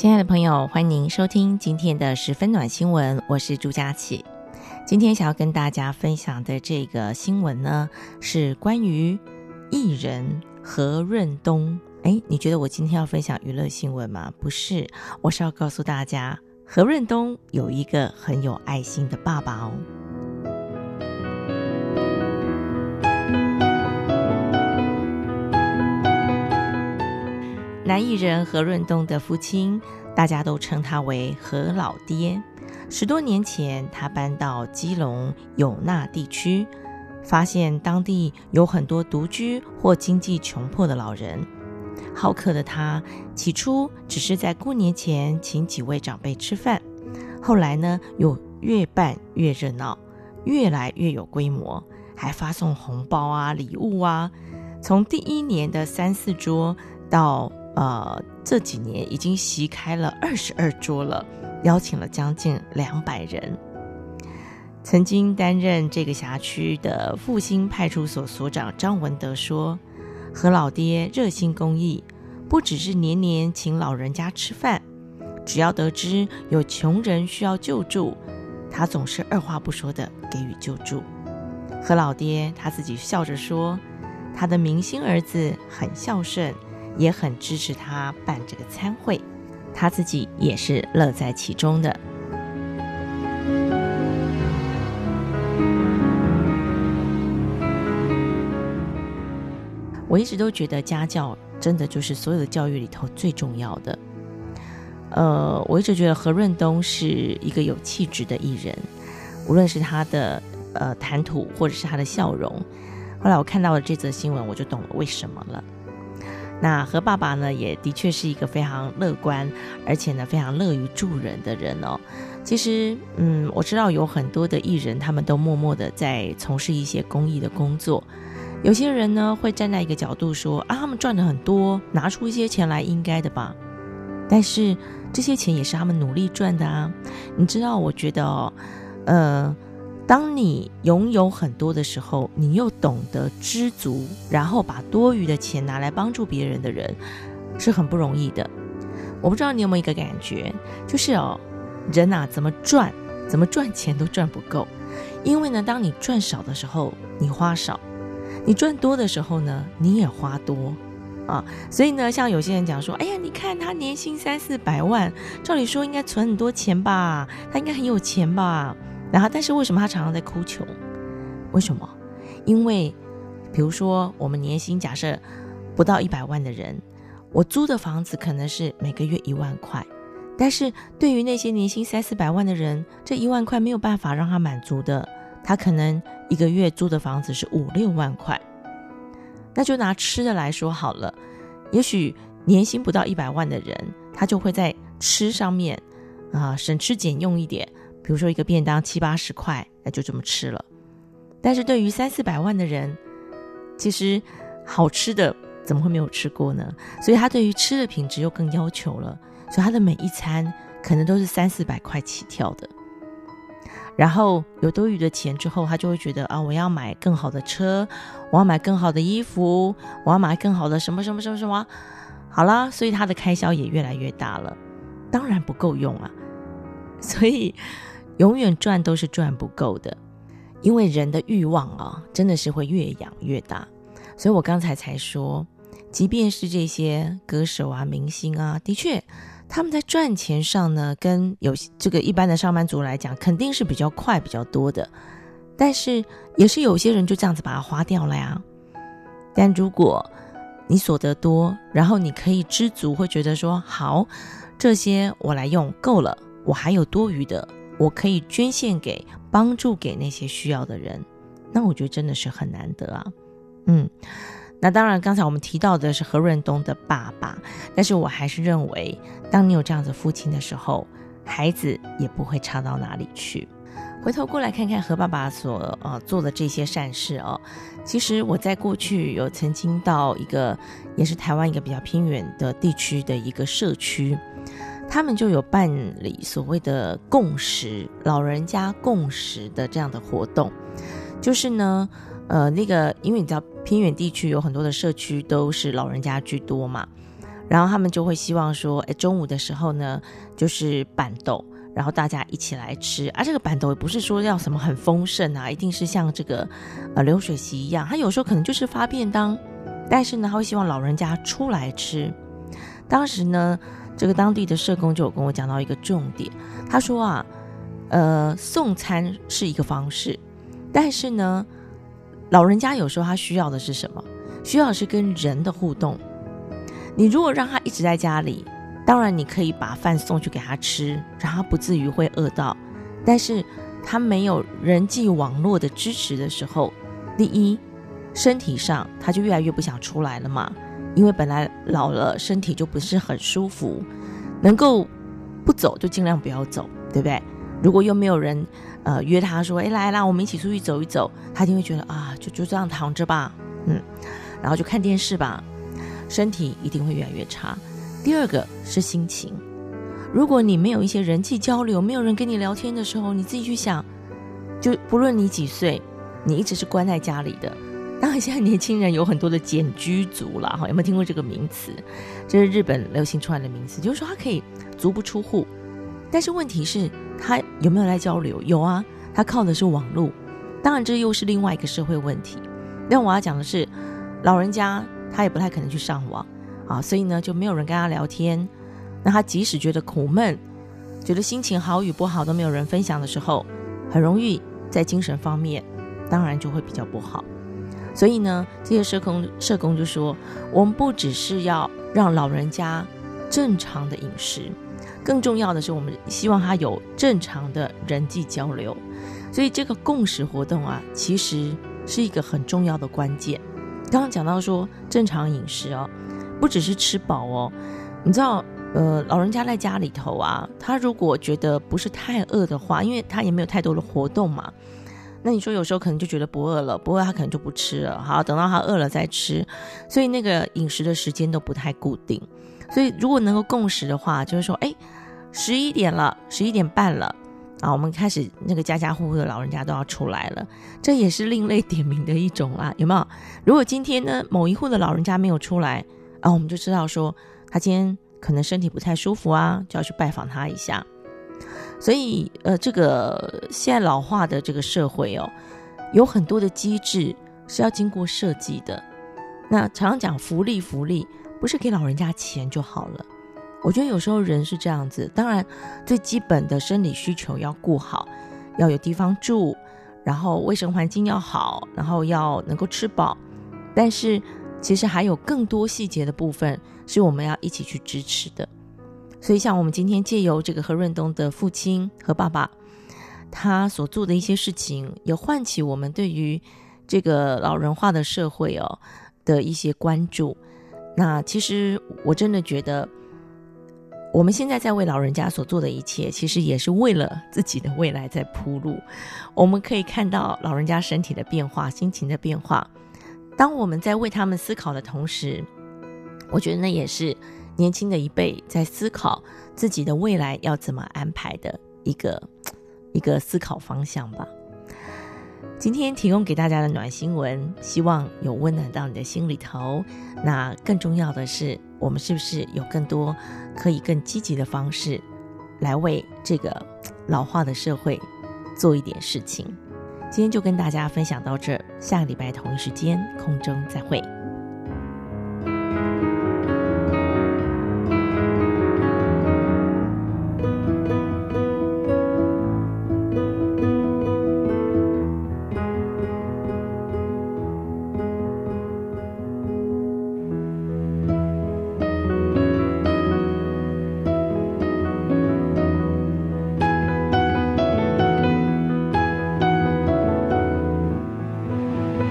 親愛的朋友，歡迎收聽今天的十分暖新聞，我是朱佳琪。今天想要跟大家分享的這個新聞呢，是關於藝人何潤東。哎，你覺得我今天要分享娛樂新聞嗎？不是，我是要告訴大家，何潤東有一個很有愛心的爸爸哦。藝人何潤東的父親，大家都稱他為何老爹。十多年前，他搬到基隆友蚋地區，發現當地有很多獨居或經濟窮迫的老人。好客的他，起初只是在過年前請幾位長輩吃飯，後來呢，又越辦越熱鬧，越來越有規模，還發送紅包啊、禮物啊。從第一年的三四桌到呃，這幾年已經席開了二十二桌了，邀請了將近兩百人。曾經擔任這個轄區的復興派出所所長張文德說：“何老爹熱心公益，不只是年年請老人家吃飯，只要得知有窮人需要救助，他總是二話不說的給予救助。”何老爹他自己笑着說：“他的明星兒子很孝順。”也很支持他辦這個餐會，他自己也是樂在其中的。我一直都覺得家教真的就是所有的教育裡頭最重要的。呃，我一直覺得何潤東是一個有氣質的藝人，無論是他的呃談吐，或者是他的笑容。後來我看到了這則新聞，我就懂了為什麼了。那何爸爸呢，也的確是一個非常樂觀，而且呢非常樂於助人的人哦。其實，嗯，我知道有很多的藝人，他們都默默的在從事一些公益的工作。有些人呢會站在一個角度說啊，他們賺的很多，拿出一些錢來應該的吧。但是這些錢也是他們努力賺的啊。你知道，我覺得哦，呃。當你擁有很多的時候，你又懂得知足，然後把多餘的錢拿來幫助別人的人，是很不容易的。我不知道你有沒有一個感覺，就是哦，人吶、啊，怎麼賺，怎麼賺錢都賺不夠，因為呢，當你賺少的時候，你花少；你賺多的時候呢，你也花多啊。所以呢，像有些人講說，哎呀，你看他年薪三四百萬，照理說應該存很多錢吧，他應該很有錢吧。然後啊，但是為什麼他常常在哭窮？為什麼？因為，比如說，我們年薪假設不到一百萬的人，我租的房子可能是每個月一萬塊，但是對於那些年薪三四百萬的人，這一萬塊沒有辦法讓他滿足的，他可能一個月租的房子是五六萬塊。那就拿吃的來說好了，也許年薪不到一百萬的人，他就會在吃上面啊省吃儉用一點。比如說一個便當七八十塊，那就這麼吃了。但是對於三四百萬的人，其實好吃的怎麼會沒有吃過呢？所以他對於吃的品質又更要求了，所以他的每一餐可能都是三四百塊起跳的。然後有多餘的錢之後，他就會覺得啊，我要買更好的車，我要買更好的衣服，我要買更好的什麼什麼什麼什麼、什麼。好了，所以他的開銷也越來越大了，當然不夠用了、啊。所以。永遠賺都是賺不夠的，因為人的欲望啊，真的是會越養越大。所以我剛才才說，即便是這些歌手啊、明星啊，的確他們在賺錢上呢，跟有這個一般的上班族來講，肯定是比較快、比較多的。但是也是有些人就這樣子把它花掉了呀。但如果你所得多，然後你可以知足，會覺得說好，這些我來用，夠了，我還有多餘的。我可以捐獻給、幫助給那些需要的人，那我覺得真的是很難得啊。嗯，那當然，剛才我們提到的是何潤東的爸爸，但是我還是認為，當你有這樣的父親的時候，孩子也不會差到哪裡去。回頭過來看看何爸爸所呃做的這些善事哦，其實我在過去有曾經到一個也是台灣一個比較偏遠的地區的一個社區。他們就有辦理所謂的共食，老人家共食的這樣的活動，就是呢，呃，那個，因為你知道偏遠地區有很多的社區都是老人家居多嘛，然後他們就會希望說，哎，中午的時候呢，就是辦桌，然後大家一起來吃。而、啊、這個辦桌也不是說要什麼很豐盛啊，一定是像這個呃流水席一樣，他有時候可能就是發便當，但是呢，他會希望老人家出來吃。當時呢。這個當地的社工就有跟我講到一個重點，他說啊，呃，送餐是一個方式，但是呢，老人家有時候他需要的是什麼？需要的是跟人的互動。你如果讓他一直在家裡，當然你可以把飯送去給他吃，讓他不至於會餓到，但是他沒有人際網絡的支持的時候，第一，身體上他就越來越不想出來了嘛。因為本來老了身體就不是很舒服，能夠不走就盡量不要走，對不對？如果又沒有人呃約他說，哎，來啦，我們一起出去走一走，他就會覺得啊，就就這樣躺着吧，嗯，然後就看電視吧，身體一定會越來越差。第二個是心情，如果你沒有一些人際交流，沒有人跟你聊天的時候，你自己去想，就不論你幾歲，你一直是關在家裡的。當然現在年輕人有很多的簡居族繭居族了，哈，有沒有聽過這個名詞？這是日本流行出來的名詞，就是說他可以足不出戶，但是問題是，他有沒有來交流？有啊，他靠的是網絡。當然，這又是另外一個社會問題。那我要講的是，老人家他也不太可能去上網啊，所以呢，就沒有人跟他聊天。那他即使覺得苦悶，覺得心情好與不好都沒有人分享的時候，很容易在精神方面，當然就會比較不好。所以呢，這些社工社工就說，我們不只是要讓老人家正常的飲食，更重要的是，我們希望他有正常的人際交流。所以這個共識活動啊，其實是一個很重要的關鍵。剛剛講到說，正常飲食哦，不只是吃飽哦，你知道，呃，老人家在家裡頭啊，他如果覺得不是太餓的話，因為他也沒有太多的活動嘛。那你說有時候可能就覺得不餓了，不餓他可能就不吃了，好等到他餓了再吃，所以那個飲食的時間都不太固定。所以如果能夠共識的話，就是說，哎，十一點了，十一點半了，啊，我們開始那個家家戶戶的老人家都要出來了，這也是另類點名的一種啦、啊，有沒有？如果今天呢某一戶的老人家沒有出來，啊，我們就知道說他今天可能身體不太舒服啊，就要去拜訪他一下。所以，呃，這個現在老化的這個社會哦，有很多的機制，是要經過設計的。那常常講福利福利，不是給老人家錢就好了。我覺得有時候人是這樣子，當然最基本的生理需求要顧好，要有地方住，然後衛生環境要好，然後要能夠吃飽。但是其實還有更多細節的部分是我們要一起去支持的。所以，像我們今天借由這個何潤東的父親何爸爸，他所做的一些事情，也喚起我們對於這個老人化的社會哦的一些關注。那其實我真的覺得，我們現在在為老人家所做的一切，其實也是為了自己的未來在鋪路。我們可以看到老人家身體的變化、心情的變化。當我們在為他們思考的同時，我覺得那也是。年輕的一輩在思考自己的未來要怎麼安排的一個一個思考方向吧。今天提供給大家的暖心聞，希望有溫暖到你的心裡頭。那更重要的是，我們是不是有更多可以更積極的方式，來為這個老化的社會做一點事情？今天就跟大家分享到這，下個禮拜同一時間空中再會。